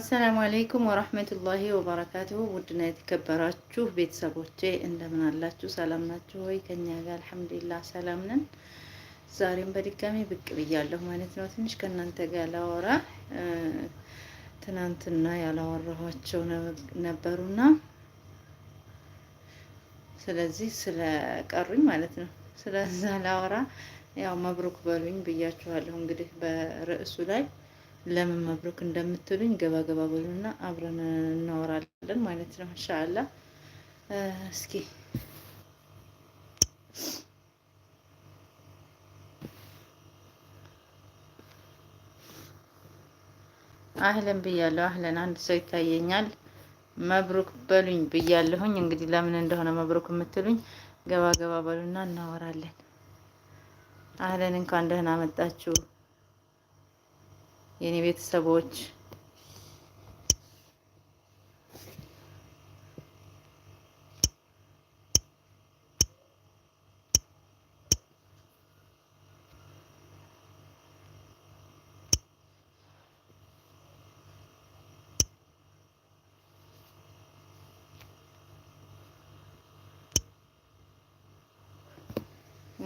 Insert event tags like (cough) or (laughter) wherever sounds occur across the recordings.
አሰላሙ አለይኩም ወራህመቱላሂ ወበረካቱሁ። ውድና የተከበራችሁ ቤተሰቦቼ እንደምን አላችሁ? ሰላም ናችሁ ወይ? ከኛ ጋር አልሐምዱሊላህ ሰላም ነን። ዛሬም በድጋሚ ብቅ ብያለሁ ማለት ነው። ትንሽ ከእናንተ ጋር ላወራ ትናንትና ያላወራኋቸው ነበሩና ስለዚህ ስለቀሩኝ ማለት ነው። ስለዛ ላወራ ያው መብሩክ በሉኝ ብያችኋለሁ እንግዲህ በርዕሱ ላይ ለምን መብሩክ እንደምትሉኝ ገባ ገባ በሉና አብረን እናወራለን ማለት ነው። እንሻላ እስኪ አህለን ብያለሁ። አህለን አንድ ሰው ይታየኛል። መብሩክ በሉኝ ብያለሁኝ። እንግዲህ ለምን እንደሆነ መብሩክ የምትሉኝ ገባ ገባ በሉና እናወራለን። አህለን እንኳን ደህና መጣችሁ። የኔ ቤተሰቦች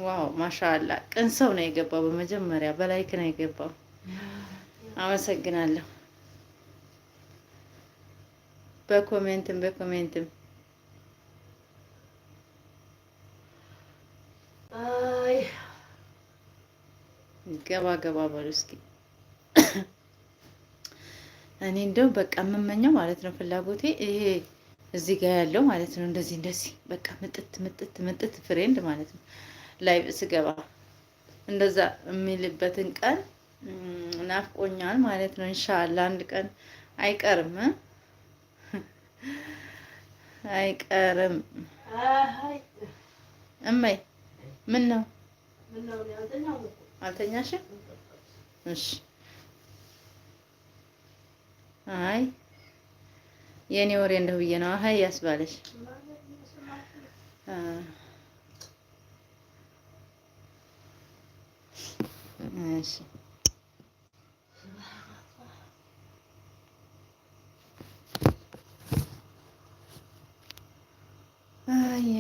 ዋው ማሻአላ ቅን ሰው ነው የገባው። በመጀመሪያ በላይክ ነው የገባው። አመሰግናለሁ። በኮሜንትም በኮሜንትም አይ ገባ ገባ በሉ እስኪ። እኔ እንደው በቃ የምመኘው ማለት ነው ፍላጎቴ ይሄ እዚህ ጋር ያለው ማለት ነው እንደዚህ እንደዚህ በቃ ምጥት ምጥት ምጥት ፍሬንድ ማለት ነው ላይቭ ስገባ እንደዛ የሚልበትን ቀን ናፍቆኛል ማለት ነው። እንሻላ አንድ ቀን አይቀርም (laughs) አይቀርም። እመይ ምን ነው አልተኛሽም? እሺ። አይ የኔ ወሬ እንደው ብዬ ነው። አይ ያስባለሽ። እሺ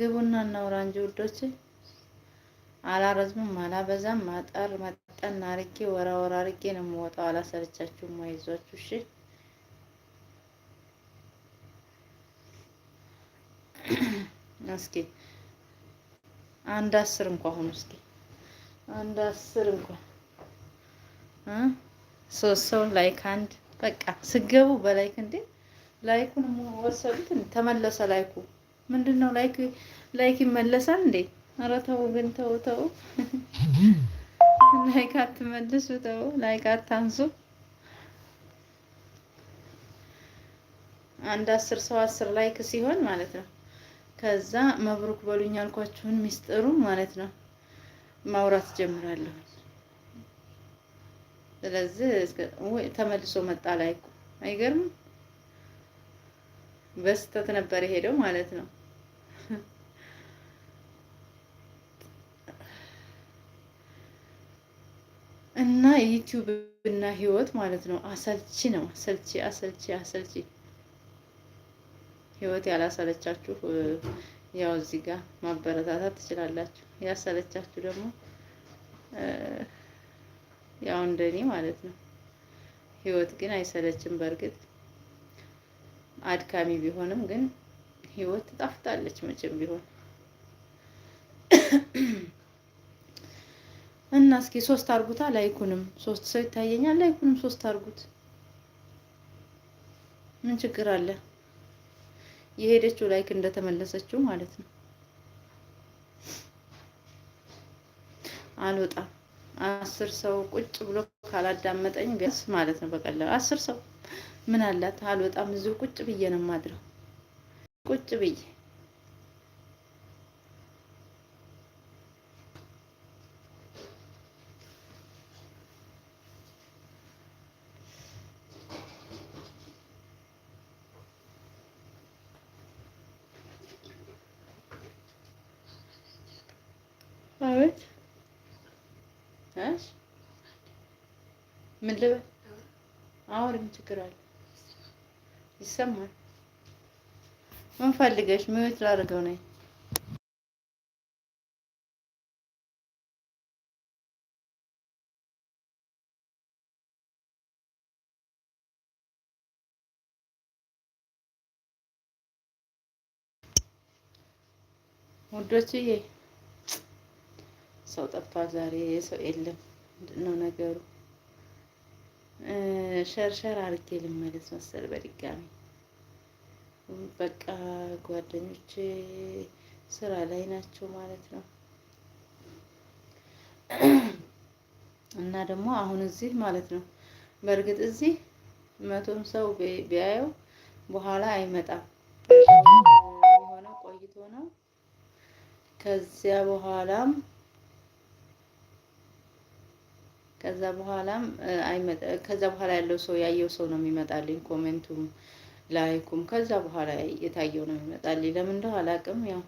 ግቡና እናውራ እንጂ ውዶች። አላረዝምም አላበዛም። አጠር መጠን አርጌ ወራ ወራ አርጌ ነው የምወጣው። አላሰለቻችሁም? ማይዟችሁ እሺ። እስኪ አንድ አስር እንኳ አሁን እስኪ አንድ አስር እንኳ ሶስት ሰው ላይክ አንድ በቃ ስገቡ በላይክ እንዴ ላይኩን ወሰዱት። ተመለሰ ላይኩ ምንድን ነው ላይክ ላይክ ይመለሳል እንዴ? ኧረ ተው ግን ተው ተው፣ (laughs) ላይክ አትመልሱ፣ ተው ላይክ አታንሱ። አንድ አስር ሰው አስር ላይክ ሲሆን ማለት ነው። ከዛ መብሩክ በሉኝ ያልኳችሁን ሚስጥሩ ማለት ነው ማውራት ጀምራለሁ። ስለዚህ ተመልሶ መጣ ላይኩ። አይገርም በስተት ነበር የሄደው ማለት ነው። እና ዩቲዩብ እና ህይወት ማለት ነው። አሰልቺ ነው። አሰልቺ አሰልቺ አሰልቺ ህይወት ያላሰለቻችሁ ያው እዚህ ጋር ማበረታታት ትችላላችሁ። ያሰለቻችሁ ደግሞ ያው እንደኔ ማለት ነው። ህይወት ግን አይሰለችም። በእርግጥ አድካሚ ቢሆንም ግን ህይወት ትጣፍጣለች መቼም ቢሆን እና እስኪ ሶስት አርጉታ ላይኩንም ሶስት ሰው ይታየኛል። ላይኩንም ሶስት አርጉት። ምን ችግር አለ? የሄደችው ላይክ እንደተመለሰችው ማለት ነው። አልወጣም። አስር ሰው ቁጭ ብሎ ካላዳመጠኝ ቢያንስ ማለት ነው። በቀላሉ አስር ሰው ምን አላት? አልወጣም። እዚሁ ቁጭ ብዬ ነው ማድረው ቁጭ ብዬ ምን ልበል? አሁን ምን ችግር አለ? ይሰማል። ምን ፈልገሽ? ምዩት ላደርገው ነኝ። ውዶችዬ ሰው ጠፍቷል። ዛሬ ሰው የለም ነው ነገሩ። ሸርሸር አድርጌ ልመለስ መሰል በድጋሚ በቃ ጓደኞች ስራ ላይ ናቸው ማለት ነው። እና ደግሞ አሁን እዚህ ማለት ነው። በእርግጥ እዚህ መቶም ሰው ቢያየው በኋላ አይመጣም የሆነ ቆይቶ ነው ከዚያ በኋላም ከዛ በኋላም ከዛ በኋላ ያለው ሰው ያየው ሰው ነው የሚመጣልኝ። ኮሜንቱም ላይኩም ከዛ በኋላ የታየው ነው የሚመጣልኝ። ለምን እንደው አላውቅም ያው